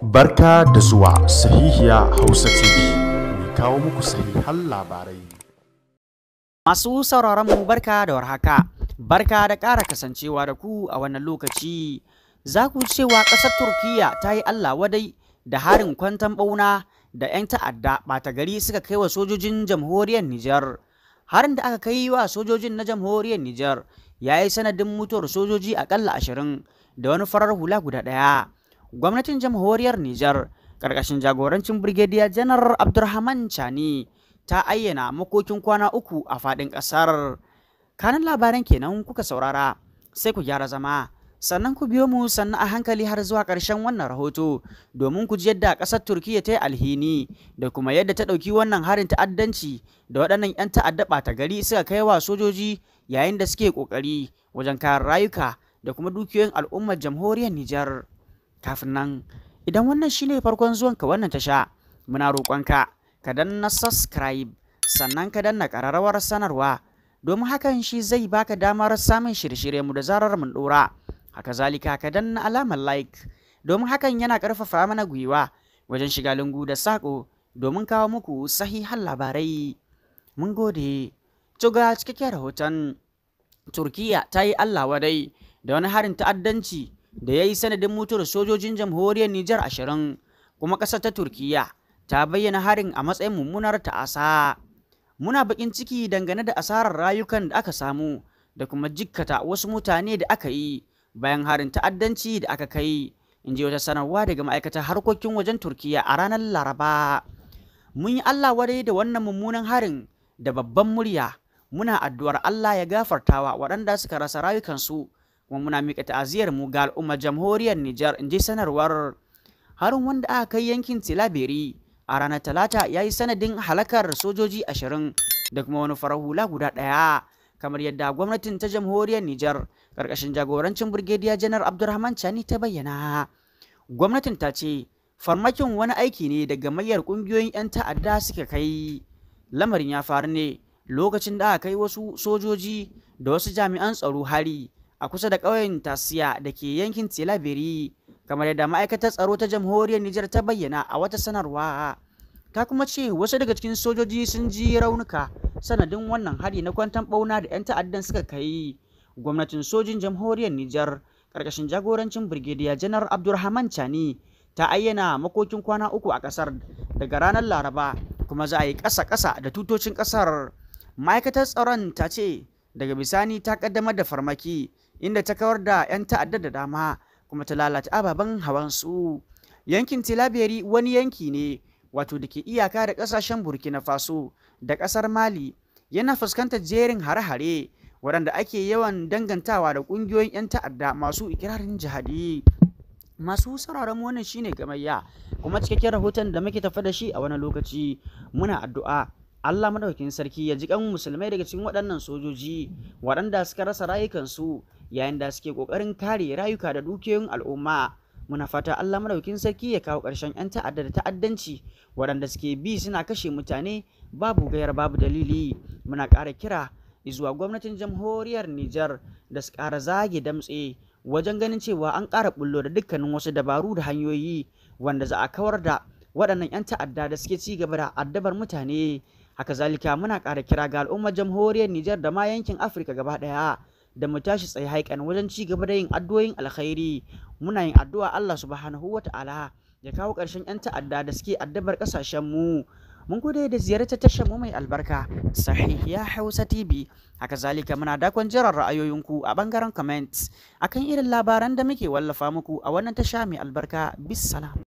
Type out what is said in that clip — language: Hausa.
Barka da zuwa sahihiya Hausa TV, mai kawo muku sahihan labarai. Masu sauraron mu barka da warhaka, barka da ƙara kasancewa da ku a wannan lokaci. Za ku cewa ƙasar Turkiyya ta yi Allah wadai da harin kwantan ɓauna da 'yan ta'adda ɓata gari suka kai wa sojojin jamhuriyar Nijar. Harin da aka kai wa sojojin na jamhuriyar Nijar ya yi sanadin mutuwar sojoji aƙalla ashirin da wani farar hula guda ɗaya. gwamnatin jamhuriyar Nijar ƙarƙashin jagorancin Brigadier Janar Abdurrahman Chani ta ayyana makokin kwana uku a faɗin ƙasar. Kanan labaran kenan kuka saurara sai ku gyara zama. Sannan ku biyo mu sannan a hankali har zuwa ƙarshen wannan rahoto domin ku ji yadda ƙasar Turkiyya ta yi alhini da kuma yadda ta ɗauki wannan harin ta'addanci da waɗannan 'yan ta'adda ɓata gari suka kai wa sojoji yayin da suke ƙoƙari wajen kayan rayuka da kuma dukiyoyin al'ummar jamhuriyar Nijar. kafin nan idan wannan shine farkon zuwan zuwanka wannan tasha muna roƙonka ka danna subscribe sannan ka danna ƙararrawar sanarwa domin hakan shi zai baka damar samun shirye-shirye mu da zarar mun ɗora haka zalika ka danna alamar like domin hakan yana ƙarfafa mana gwiwa wajen shiga lungu da sako domin kawo muku sahihan labarai mun gode to ga cikakken rahoton turkiya ta yi allah wadai da wani harin ta'addanci da ya yi sanadin mutuwar sojojin jamhuriyar Nijar ashirin kuma ƙasar ta Turkiyya ta bayyana harin a matsayin mummunar ta'asa. Muna baƙin ciki dangane da asarar rayukan da aka samu da kuma jikkata wasu mutane da aka yi bayan harin ta'addanci da aka kai, in ji wata sanarwa daga ma'aikatar harkokin wajen Turkiyya a ranar Laraba. Mun yi Allah warai da wannan mummunan harin da babban murya muna addu'ar Allah ya gafartawa waɗanda suka rasa rayukansu kuma muna miƙa ta'aziyar mu ga al'ummar jamhuriyar Nijar in ji sanarwar harin wanda aka kai yankin Tilaberi a ranar Talata ya yi sanadin halakar sojoji ashirin da kuma wani farar hula guda ɗaya kamar yadda gwamnatin ta jamhuriyar Nijar ƙarƙashin jagorancin Birgediya Janar Abdulrahman Chani ta bayyana. Gwamnatin ta ce farmakin wani aiki ne daga gamayyar ƙungiyoyin 'yan ta'adda suka kai. Lamarin ya faru ne lokacin da aka kai wasu sojoji da wasu jami'an tsaro hari a kusa da ƙauyen Tasiya da ke yankin tilabiri kamar yadda ma'aikatar tsaro ta jamhuriyar Nijar ta bayyana a wata sanarwa. Ta kuma ce wasu daga cikin sojoji sun ji raunuka sanadin wannan hari na kwantan ɓauna da 'yan ta'addan suka kai. Gwamnatin sojin jamhuriyar Nijar ƙarƙashin jagorancin birgidiya Janar Abdulrahman Chani ta ayyana makokin kwana uku a ƙasar daga ranar Laraba kuma za a yi ƙasa-ƙasa da tutocin ƙasar. Ma'aikatar tsaron ta ce daga bisani ta ƙaddamar da farmaki inda ta kawar da 'yan ta'adda da dama kuma ta lalata ababen su. yankin tilaberi wani yanki ne wato da ke iyaka da ƙasashen burkina faso da ƙasar mali yana fuskantar jerin hare-hare waɗanda ake yawan dangantawa da ƙungiyoyin 'yan ta'adda masu ikirarin jihadi masu sauraron wannan shine gamayya kuma cikakken rahoton da muke tafi da shi a wani lokaci muna addu'a Allah madaukakin sarki ya ji kan musulmai daga cikin waɗannan sojoji waɗanda suka rasa rayukansu yayin da suke kokarin kare rayuka da dukiyoyin al'umma muna fata Allah madaukin sarki ya kawo ƙarshen 'yan ta'adda da ta'addanci waɗanda suke bi suna kashe mutane babu gayar babu dalili muna ƙara kira zuwa gwamnatin jamhuriyar Nijar da su ƙara zage damtse wajen ganin cewa an ƙara bullo da dukkanin wasu dabaru da hanyoyi wanda za a kawar da waɗannan 'yan ta'adda da suke ci gaba da addabar mutane haka zalika muna ƙara kira ga al'ummar jamhuriyar Nijar da ma yankin Afirka gaba ɗaya da mu tashi tsaye haikan wajen ci gaba da yin addu'o'in alkhairi muna yin addu'a Allah subhanahu wata'ala ya kawo ƙarshen 'yan ta'adda da suke addabar ƙasashen mu mun gode da ziyarta tashar mu mai albarka ya hausa tv haka zalika muna dakon jiran ra'ayoyinku a bangaren comments akan irin labaran da muke wallafa muku a wannan tasha mai albarka bisalam